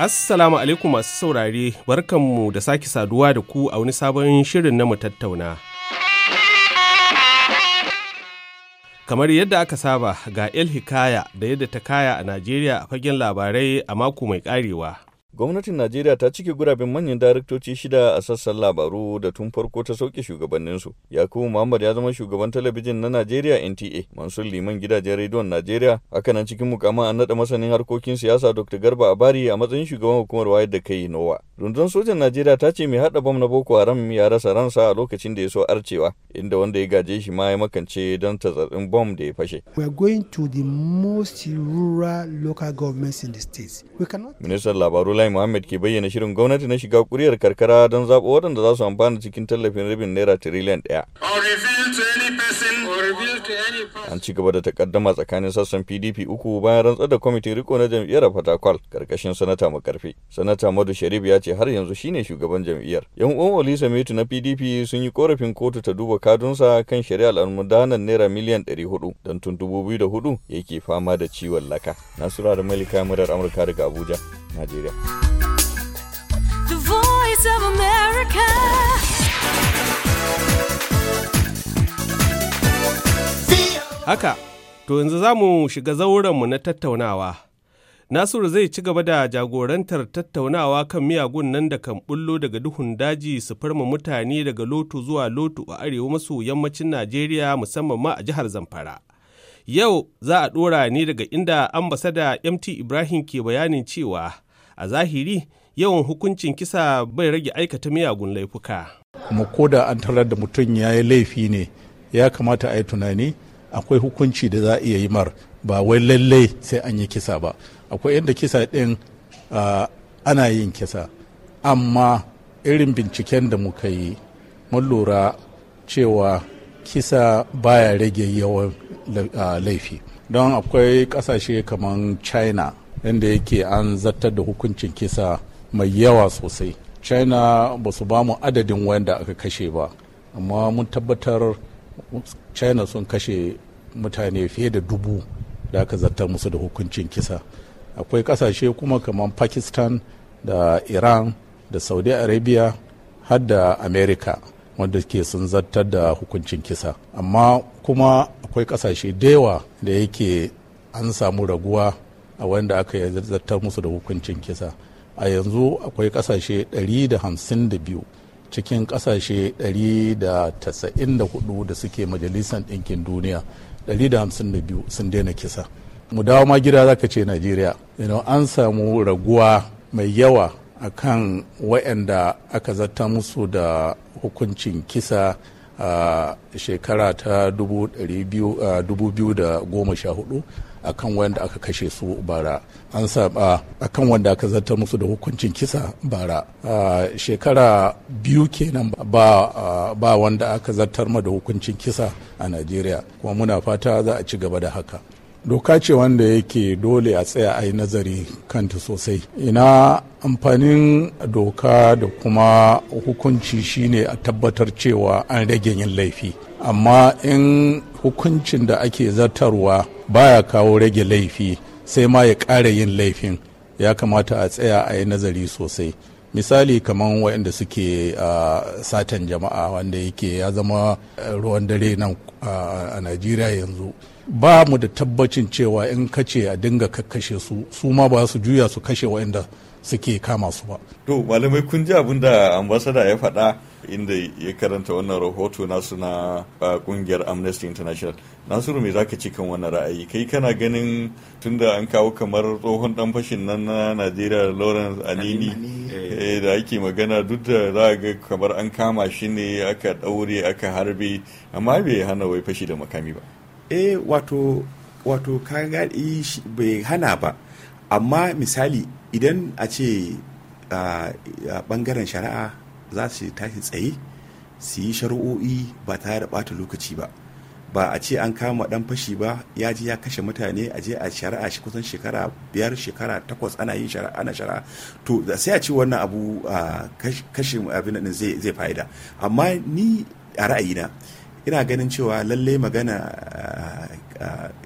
Assalamu alaikum masu saurare, barkanmu da sake saduwa da ku a wani sabon shirin na mu tattauna. Kamar yadda aka saba ga El Hikaya da yadda ta kaya a Najeriya a fagen labarai a mako mai karewa. Gwamnatin Najeriya ta cike guraben manyan daraktoci shida a sassan labaru da tun farko ta sauke shugabanninsu. Yakubu Muhammad ya zama shugaban talabijin na Najeriya NTA, Mansur Liman gidajen rediyon Najeriya, haka nan cikin mukamman an naɗa masanin harkokin siyasa Dr. Garba Abari a matsayin shugaban hukumar wayar da kai Nowa. Rundun sojan Najeriya ta ce mai haɗa bam na Boko Haram ya rasa ransa a lokacin da ya so arcewa, inda wanda ya gaje shi ma ya makance don tazatsin bom da ya fashe. We are going to the most rural local governments in the Ministan labaru Abdullahi Muhammad ke bayyana shirin gwamnati na shiga kuriyar karkara don zaɓo waɗanda za su amfana cikin tallafin rabin naira tiriliyan ɗaya. An ci gaba da takaddama tsakanin sassan PDP uku bayan rantsar da kwamitin riko na jam'iyyar Fatakwal karkashin sanata makarfe. Sanata Madu Sharif ya ce har yanzu shine shugaban jam'iyyar. Yan uwan Olisa Metu na PDP sun yi korafin kotu ta duba kadunsa kan shari'ar almudanar naira miliyan 400 don tun 2004 yake fama da ciwon laka. Nasura da Malika Murar Amurka daga Abuja, Najeriya. The Haka, to yanzu za mu shiga zaurenmu na tattaunawa. Nasiru zai ci gaba da jagorantar tattaunawa kan miyagun nan da kan bullo daga duhun daji su farma mutane daga lotu zuwa lotu a arewa maso yammacin Najeriya musamman ma a jihar Zamfara. Yau za a ɗora ne daga inda ambasada MT Ibrahim ke bayanin cewa a zahiri yawan hukuncin kisa bai rage aikata miyagun laifuka. Kuma ko da an tarar da mutum ya yi laifi ne ya kamata a yi tunani akwai hukunci da za a iya yi mar ba wai lallai sai an yi kisa ba akwai yadda kisa ɗin ana yin kisa amma irin binciken da muka yi mun lura cewa kisa baya rage yawan laifi don akwai ƙasashe kamar china inda yake an zartar da hukuncin kisa mai yawa sosai china ba su ba mu adadin wanda aka kashe ba amma mun tabbatar china sun kashe mutane fiye da dubu da aka zartar musu da hukuncin kisa akwai kasashe kuma kamar pakistan da iran da saudi arabia har da america wanda ke sun zartar da hukuncin kisa amma kuma akwai kasashe da yawa da yake an samu raguwa a wanda aka zartar musu da hukuncin kisa a yanzu akwai kasashe 152 cikin kasashe 194 da suke majalisar ɗinkin duniya 152 sun daina kisa mu dawo ma gida zaka ce najeriya an samu raguwa mai yawa akan waɗanda aka zata musu da hukuncin kisa a shekara ta 2014 a kan wanda aka kashe su bara an saba a kan wanda aka zartar musu da hukuncin kisa bara A shekara biyu kenan ba, ba wanda aka zartar ma da hukuncin kisa a najeriya kuma muna fata za a ci gaba da haka doka ce wanda yake dole a tsaya a yi nazari kanta sosai ina amfanin doka da kuma hukunci shine a tabbatar cewa an rage yin laifi amma in hukuncin da ake zartarwa baya kawo rage laifi sai ma ya ƙara yin laifin ya kamata a tsaya a yi nazari sosai misali kamar waɗanda suke a satan jama'a wanda yake ya zama eh, ruwan dare nan uh, a najeriya yanzu ba mu da tabbacin cewa in ka ce a dinga kakkashe su su ma ba su juya su kashe waɗanda suke kama su ba. To malamai kun ji abin da ambasada ya faɗa inda ya karanta wannan rahoto nasu na kungiyar Amnesty International. Nasiru me zaka ci kan wannan ra'ayi? Kai kana ganin tunda an kawo kamar tsohon dan fashin nan na Najeriya Lawrence Alini eh. eh, da ake magana duk da za ga kamar an kama shi ne aka ɗaure aka harbe amma bai hana wai fashi da makami ba. eh wato wato ka eh, bai hana ba amma misali idan a ce a bangaren shari'a za su tashi tsaye su yi shari'o'i ba tare da bata lokaci ba ba a ce an kama dan fashi ba ya ji ya kashe mutane a je a shari'a shi kusan shekara biyar shekara takwas ana yin shari'a ana shari'a to sai a ce wannan abu kashe abin din zai fa'ida amma ni a ra'ayina ina ganin cewa lallai magana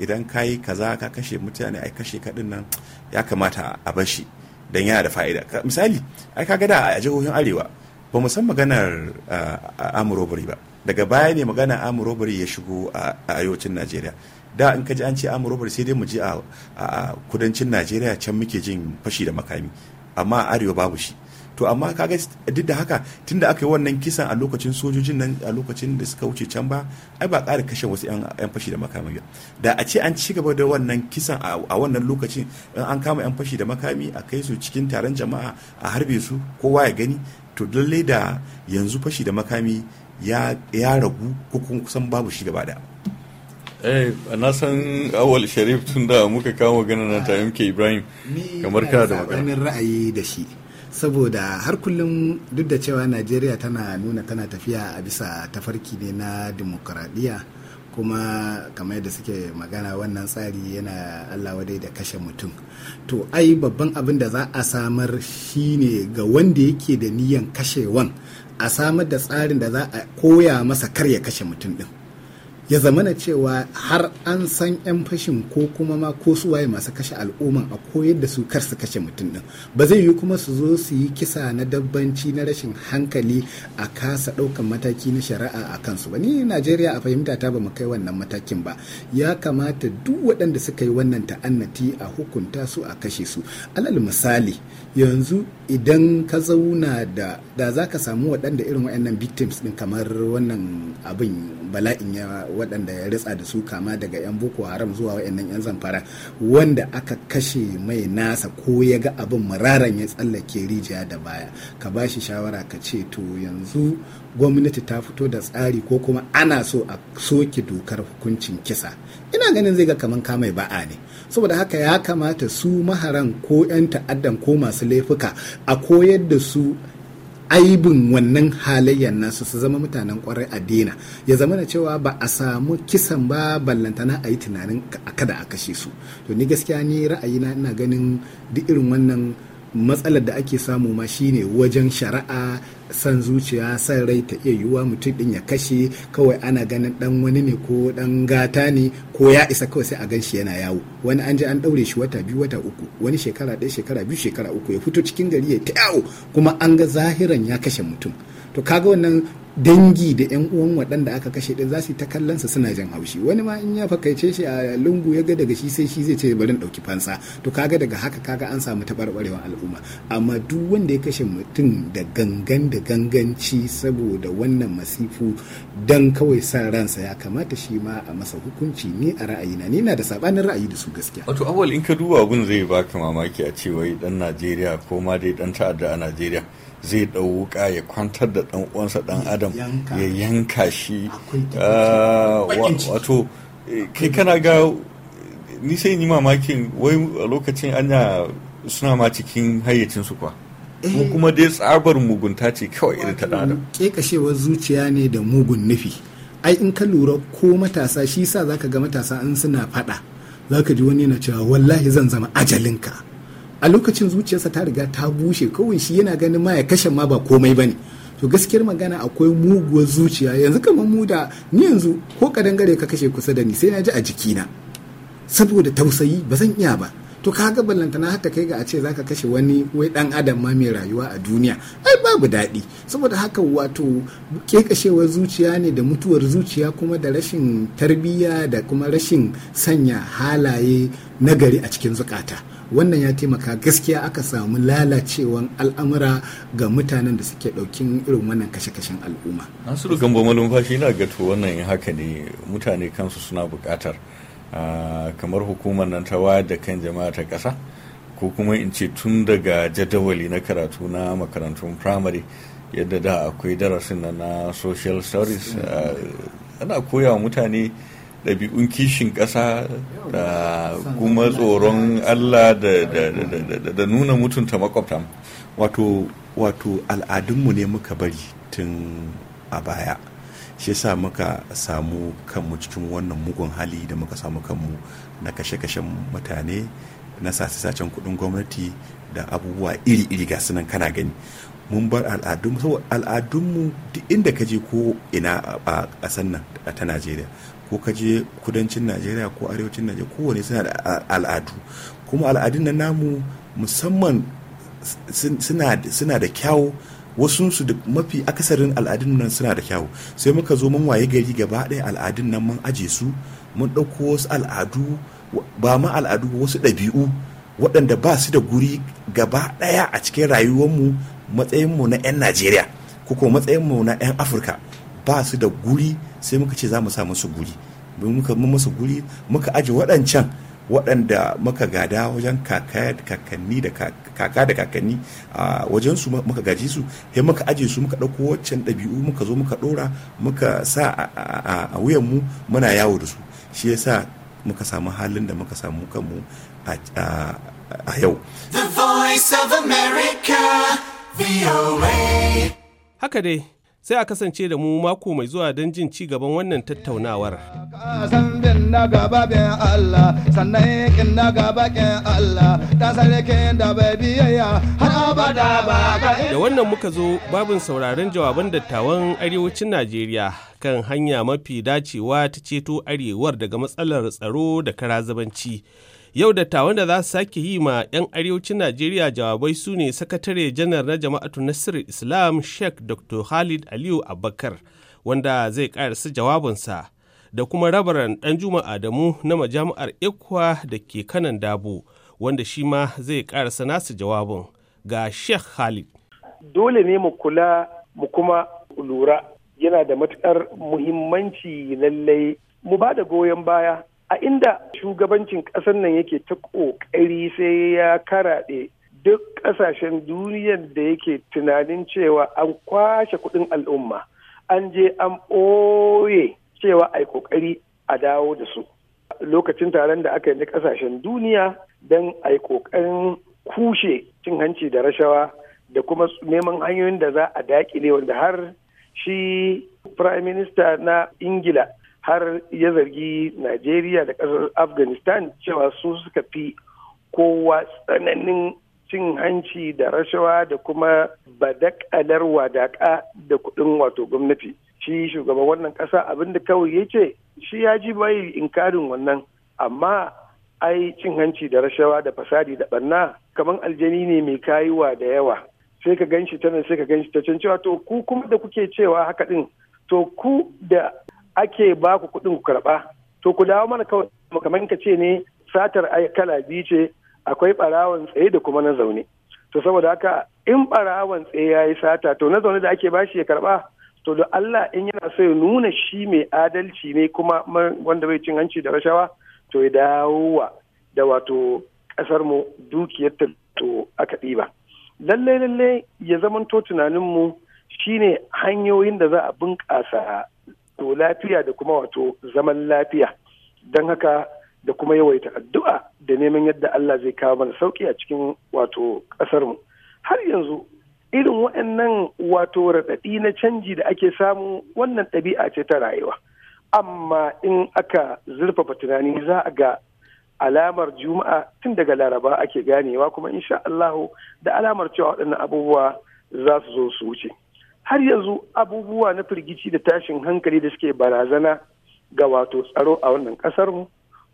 idan ka yi kaza ka kashe mutane ai kashe kaɗin nan ya kamata a bar shi don yana da fa'ida misali ai ka gada a jihohin arewa ba mu san maganar ah, amurobari ba daga baya ne magana amurobari ya shigo a arewacin najeriya da in ka ji an ce amurobari sai dai mu je a kudancin najeriya can muke jin fashi da makami amma arewa babu shi to amma kaga duk da haka tunda aka yi wannan kisan a lokacin sojojin nan a lokacin da suka wuce can ba ai ba ƙara kashe wasu yan fashi da makami ba da a ce an ci gaba da wannan kisan a wannan lokacin in an kama yan fashi da makami a kai su cikin taron jama'a a harbe su kowa ya gani to lalle da yanzu fashi da makami ya ragu ko kusan babu shi gaba da eh na san awal sharif tun da muka kama ganin na ta mk ibrahim kamar ka da magana ra'ayi da shi saboda har kullum duk da cewa najeriya tana nuna tana tafiya a bisa tafarki ne na dimokuraɗiyya kuma kamar yadda suke magana wannan tsari yana allah wadai da kashe mutum to ai babban abin da za a samar shi ne ga wanda yake da niyan kashewan a samar da tsarin da za a koya masa kar ya kashe mutum din ya zamana cewa har an san 'yan fashin ko kuma ma ko su waye masu kashe al'umma a koyar da su kar su kashe mutum din ba zai yi kuma su zo su yi kisa na dabbanci na rashin hankali a kasa ɗaukan mataki na shari'a a kansu ba ni najeriya a fahimta ta ba kai wannan matakin ba ya kamata duk waɗanda suka yi wannan ta'annati a hukunta su a kashe su alal misali yanzu idan ka zauna da da za ka samu waɗanda irin waɗannan victims din kamar wannan abin bala'in ya waɗanda ya ritsa da su kama daga 'yan boko haram zuwa wa'annan 'yan zamfara wanda aka kashe mai nasa ko ya ga abin muraran ya tsallake rijiya da baya ka ba shi shawara ka ce to yanzu gwamnati ta fito da tsari ko kuma ana so a soke dokar hukuncin kisa ina ganin zai ga kaman kamai ba'a ne saboda haka ya kamata su maharan ko 'yan ta'addan ko masu laifuka a koyar da su aibin wannan halayyar nasu su zama mutanen kwarai a dina ya zama da cewa ba a samu kisan ba ballantana a yi tunanin kada a kashe su to ni gaskiya ni ra'ayina ina ganin duk irin wannan matsalar da ake samu ma shine wajen shari'a san zuciya san rai ta iya yiwuwa mutum din ya kashe kawai ana ganin dan wani ne ko dan gata ne ko ya isa kawai sai a gan shi yana yawo wani an je an daure shi wata biyu wata uku wani shekara ɗaya shekara biyu shekara uku ya fito cikin gari ya ta yawo kuma an ga zahiran ya kashe mutum to kaga wannan dangi da yan uwan waɗanda aka kashe din za su ta kallon sa suna jan haushi wani ma in ya fakaice shi a lungu ya ga daga shi sai shi zai ce bari ɗauki fansa to kaga daga haka kaga an samu taɓarɓarewar al'umma amma duk wanda ya kashe mutum da gangan da ganganci saboda wannan masifu dan kawai san ransa ya kamata shi ma a masa hukunci ni a na ni na da sabanin ra'ayi da su gaskiya wato awwal in ka duba abun zai baka mamaki a cewa dan Najeriya ko ma dai dan ta'adda a Najeriya zai dauka ya kwantar da dan uwansa dan adam ya yanka shi ah, wato eh, kai kana ga ni sai mamakin wai a lokacin anya suna ma cikin hayyacin su kwa ko eh. kuma dai tsabar mugunta ce kawai irin ta adam kekashewar zuciya ne da mugun nufi ai in ka lura ko matasa shi sa zaka ga matasa in suna fada zaka ji wani yana cewa wallahi zan zama ajalinka a lokacin zuciyarsa ta riga ta bushe kawai shi yana ganin ma ya kashe ma ba komai bane to gaskiyar magana akwai muguwar zuciya yanzu kamar mu da ni yanzu ko kadan gare ka kashe kusa da ni sai na ji a jiki na saboda tausayi ba zan iya ba to kaga ballantana haka kai ga a ce zaka kashe wani wai dan adam ma mai rayuwa a duniya ai babu daɗi saboda haka wato kekashewar zuciya ne da mutuwar zuciya kuma da rashin tarbiyya da kuma rashin sanya halaye nagari a cikin zukata wannan ya taimaka gaskiya aka samu lalacewan al'amura ga mutanen da suke ɗaukin irin wannan kashe-kashen al'umma nasiru gambo malumfashi na ga to wannan haka ne mutane kansu suna buƙatar ah, kamar hukumar nan ta wayar da kan jama'a ta ƙasa ko kuma in ce tun daga jadawali na karatu na makarantun firamare yadda da akwai darasin na social studies ah, ana koya wa mutane ɗabi'un kishin ƙasa da kuma tsoron Allah da nuna mutunta makwabta wato wato al'adunmu ne muka bari tun a baya shi sa muka samu kanmu cikin wannan mugun hali da muka samu kanmu na kashe-kashen mutane na sace-sacen kudin gwamnati da abubuwa iri-iri ga sunan kana gani mun bar al'adun saboda al'adunmu duk inda ka je ko ina a ƙasar nan ta najeriya ko kaje kudancin najeriya ko arewacin najeriya kowane suna da al'adu kuma al'adun nan namu musamman suna da kyawu su da mafi akasarin al'adun nan suna da kyau sai muka zo mun waye gari gaba ɗaya al'adun nan mun aje su mun ɗauko wasu al'adu ba ma al'adu wasu ɗabi'u waɗanda ba su da guri gaba ɗaya a cikin rayuwar mu. matsayinmu na 'yan najeriya ko matsayinmu na 'yan afirka ba su da guri sai muka ce za mu sa musu guri muka mu musu guri muka aji waɗancan waɗanda muka gada wajen da kakanni da kaka da kakanni a wajen su muka gaji su sai muka aje su muka ɗauko waccan ɗabi'u muka zo muka ɗora muka sa a wuyan mu muna yawo da su shi yasa muka samu halin da muka samu kanmu a yau The Haka dai, sai a kasance da mu mako mai zuwa don jin ci gaban wannan tattaunawar. Da wannan muka zo babin sauraron jawaban dattawan arewacin Najeriya kan hanya mafi dacewa ta ceto arewar daga matsalar tsaro da karazabanci. Yau dattawan da za su sake yi ma 'yan arewacin Najeriya jawabai su ne sakatare janar na jama'atu Nasir Islam Sheikh Dr. Khalid Aliyu Abubakar wanda zai karasa jawabinsa da kuma rabaran ɗan Juma Adamu na majami'ar Ikwa da ke kanan dabo wanda shi ma zai karasa nasu jawabin ga Sheikh Khalid. Dole ne mu kula mu kuma lura yana da matukar muhimmanci lallai mu ba da goyon baya a inda shugabancin ƙasar nan yake ta ƙoƙari sai ya karaɗe duk ƙasashen duniyar da yake tunanin cewa an kwashe kuɗin al'umma an je an ɓoye cewa ai yi ƙoƙari a dawo da su lokacin taron da aka yi na ƙasashen duniya don ai yi ƙoƙarin kushe cin hanci da rashawa da kuma neman hanyoyin da za a daƙile wanda har shi prime minister na ingila har ya zargi najeriya da ƙasar afghanistan cewa su suka fi kowa tsananin cin hanci da rashawa da kuma badakalar wadaka da kuɗin wato gwamnati shi shugaban wannan ƙasa abinda kawai ya ce shi ya ji bai inkarin wannan amma ai cin hanci da rashawa da fasadi da ɓanna kamar aljani ne mai kayuwa da yawa sai ka ganshi ta nan sai ka ganshi ta can cewa to ku kuma da kuke cewa haka din to ku da ake ba ku kuɗin ku karɓa to ku dawo mana kawai kamar ka ce ne satar kala biyu ce akwai ɓarawon tsaye da kuma na zaune to saboda haka in ɓarawan tsaye ya yi sata to na zaune da ake bashi ya karɓa to da Allah in yana so ya nuna shi mai adalci ne kuma wanda bai cin hanci da rashawa to ya dawo wa da wato ƙasar mu dukiyar ta to aka ɗiba lallai lallai ya zamanto tunaninmu shine hanyoyin da za a bunƙasa wato lafiya da kuma wato zaman lafiya don haka da kuma yawaita addu'a da neman yadda Allah zai kawo mana sauki a cikin wato mu har yanzu irin waɗannan wato raɗaɗi na canji da ake samu wannan ɗabi'a ce ta rayuwa amma in aka zurfafa tunani za a ga alamar juma'a tun daga laraba ake ganewa kuma insha Allahu da alamar cewa waɗannan abubuwa za su zo su wuce har yanzu abubuwa na firgici da tashin hankali da suke barazana ga wato tsaro a wannan kasar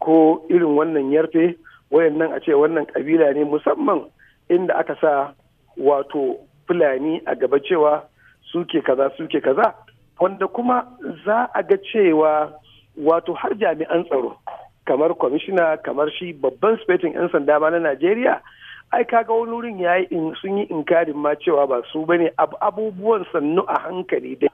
ko irin wannan yarfe wayannan a ce wannan kabila ne musamman inda aka sa wato fulani a gaba cewa suke kaza suke kaza wanda kuma za a ga cewa wato har jami'an tsaro kamar kwamishina kamar shi babban spetin 'yan sanda ma na najeriya ai kaga wani wurin ya yi sun yi inkarin ma cewa ba su bane abubuwan sannu a hankali dai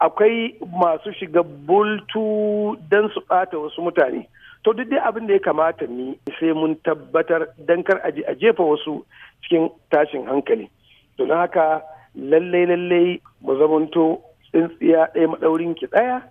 akwai masu shiga bultu don su ɓata wasu mutane to duk dai abin da ya kamata ni sai mun tabbatar don kar a jefa wasu cikin tashin hankali to na haka lallai lallai mu zamanto tsintsiya ɗaya maɗaurin ki ɗaya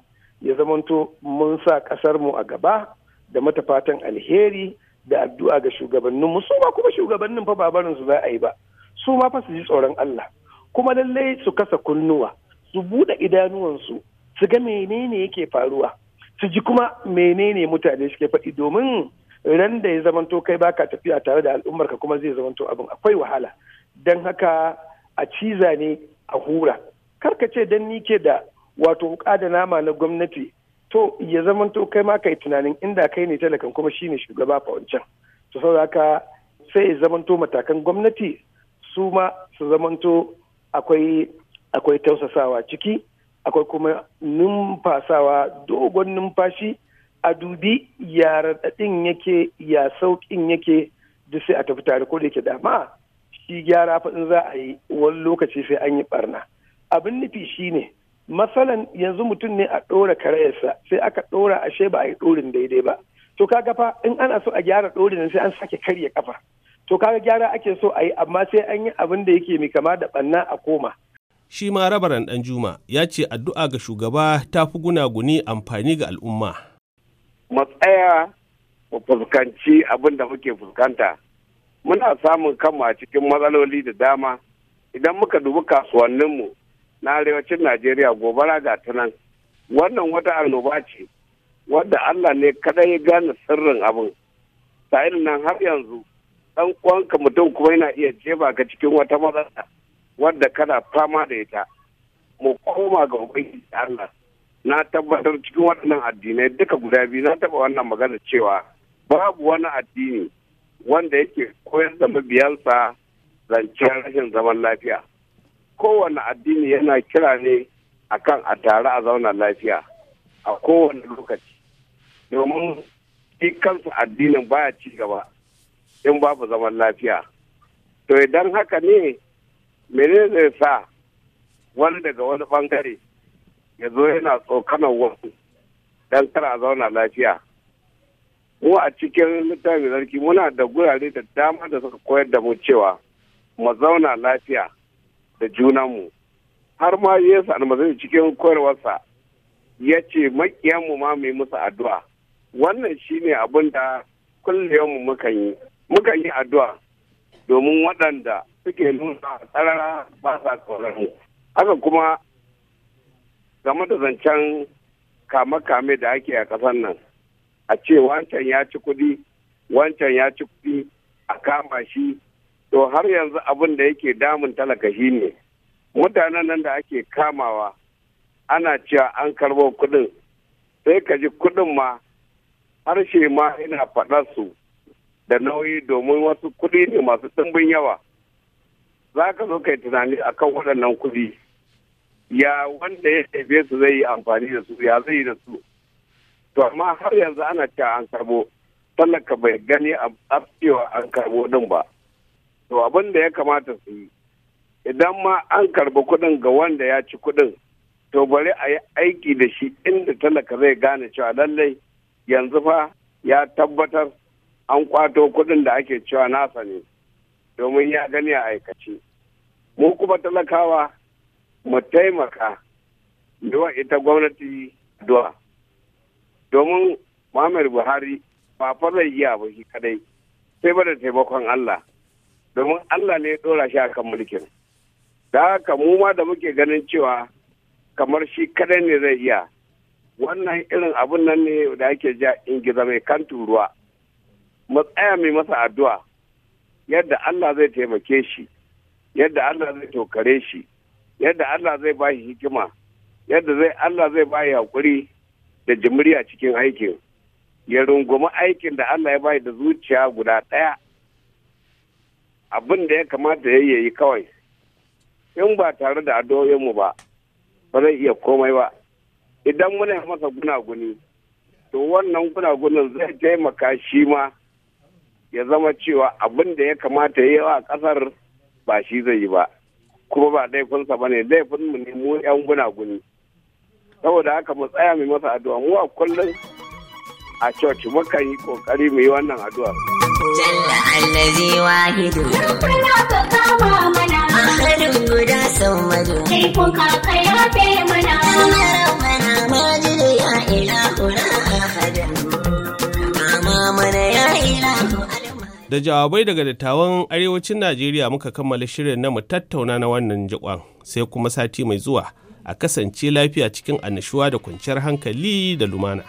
ya zamanto mun sa ƙasar mu a gaba da mata fatan alheri da addu'a ga shugabannin mu su ma kuma shugabannin fa ba barin su za a yi ba su ma fa su ji tsoron Allah kuma lallai su kasa kunnuwa su bude idanuwansu su ga menene yake faruwa su ji kuma menene mutane suke faɗi domin ran da ya zamanto kai baka tafiya tare da al'ummarka kuma zai zamanto abin akwai wahala dan haka a ciza ne a hura karka ce dan ni ke da wato wuƙa da nama na gwamnati to ya zamanto kai ma kai tunanin inda kai ne talakan kuma shine shugaba fa wancan to saboda haka sai ya zamanto matakan gwamnati su ma su zamanto akwai akwai tausasawa ciki akwai kuma numfasawa dogon numfashi a dubi ya raɗaɗin yake ya sauƙin yake duk sai a tafi tare ko da yake dama shi gyara faɗin za a yi wani lokaci sai an yi barna abin nufi shine Matsalan yanzu mutum ne a ɗora karayarsa sai aka ɗora ashe ba a yi ɗorin daidai ba to kaga fa in ana so a gyara ɗorin sai an sake karya kafa to kaga gyara ake so a yi amma sai an yi abin da yake mai kama da ɓanna a koma. shi ma rabaran dan juma ya ce addu'a ga shugaba ta fi gunaguni amfani ga al'umma. matsaya tsaya mu fuskanci abin da muke fuskanta muna samun kanmu a cikin matsaloli da dama idan muka dubi kasuwanninmu na arewacin najeriya gobara ga tunan wannan wata annoba ce wadda allah ne kada ya gane sirrin abin sa'in nan har yanzu dan uwanka mutum kuma yana iya jeba ka cikin wata matsala wadda kana fama da ita mu koma ga ubangiji allah na tabbatar cikin waɗannan addinai duka guda biyu na taba wannan magana cewa babu wani addini wanda yake koyar da mabiyansa zancen rashin zaman lafiya kowane addini yana kira ne kan a tare a zauna lafiya a kowane lokaci domin shi kansa addinin baya ci gaba in babu zaman lafiya to idan haka ne mene zai sa wani daga wani bangare ya zo yana tsokanar wasu don kar a zauna lafiya mu a cikin littafin sarki muna da gurare da dama da suka koyar da mu cewa mu zauna lafiya da junanmu har ma yesu almasihu cikin koyarwarsa ya ce makiyanmu ma mai musu addu'a wannan shi ne abin da kullum mukan yi mukan yi addu'a domin waɗanda suke nuna tsarara ba sa tsoron haka kuma game da zancen kame-kame da ake a ƙasar nan a ce wancan ya ci kuɗi wancan ya ci kuɗi a kama shi to har yanzu abin da yake damun talaka shi ne mutanen nan da ake kamawa ana cewa an karbo kudin sai ka ji kudin ma harshe ma ina faɗar su da nauyi domin wasu kudi ne masu tsimbin yawa za ka zo kai tunani a kan waɗannan kudi ya wanda ya tafe su zai yi amfani da su ya zai yi da su to amma har yanzu ana cewa an karbo talaka bai gani a cewa an karbo din ba to abin da ya kamata su yi idan ma an karbi kuɗin ga wanda ya ci kuɗin to bari a yi aiki da shi inda talaka zai gane cewa lallai yanzu fa ya tabbatar an kwato kuɗin da ake cewa nasa ne domin ya gani a aikace mu kuma talakawa mu taimaka da ita gwamnati duwa domin Muhammadu Buhari ba fara zai iya ba shi kadai sai ba da taimakon Allah domin Allah ne ya ɗora shi akan mulkin da haka mu ma da muke ganin cewa kamar shi kadai ne zai iya wannan irin abun nan ne da ake ja in gida mai kan turuwa mu tsaya mai masa addu'a yadda Allah zai taimake shi yadda Allah zai tokare shi yadda Allah zai ba hikima yadda zai Allah zai ba shi hakuri da jimiri cikin aikin ya rungumi aikin da Allah ya bai da zuciya guda ɗaya abin da ya kamata ya yi kawai in ba tare da mu ba ba zai iya komai ba idan muna masa gunaguni to wannan gunagunin zai taimaka shi ma ya zama cewa abin da ya kamata ya yi wa kasar ba shi zai yi ba kuma ba laifinsa ba ne laifinmu ne mu 'yan gunaguni saboda haka mu tsaya mai masa addu'a mu a kullum a church mukan yi kokari mu yi wannan addu'a. Jalla allazi wahidu. Rukuna ka kama mana. Ahadun guda sau madu. Laifin kaka ya fe mana. Ya rabbana majidu ya ilahuna ahadan. Kama mana ya ilahu Da jawabai daga dattawan arewacin Najeriya muka kammala shirin na mu tattauna na wannan jikon sai kuma sati mai zuwa a kasance lafiya cikin annashuwa da kwanciyar hankali da lumana.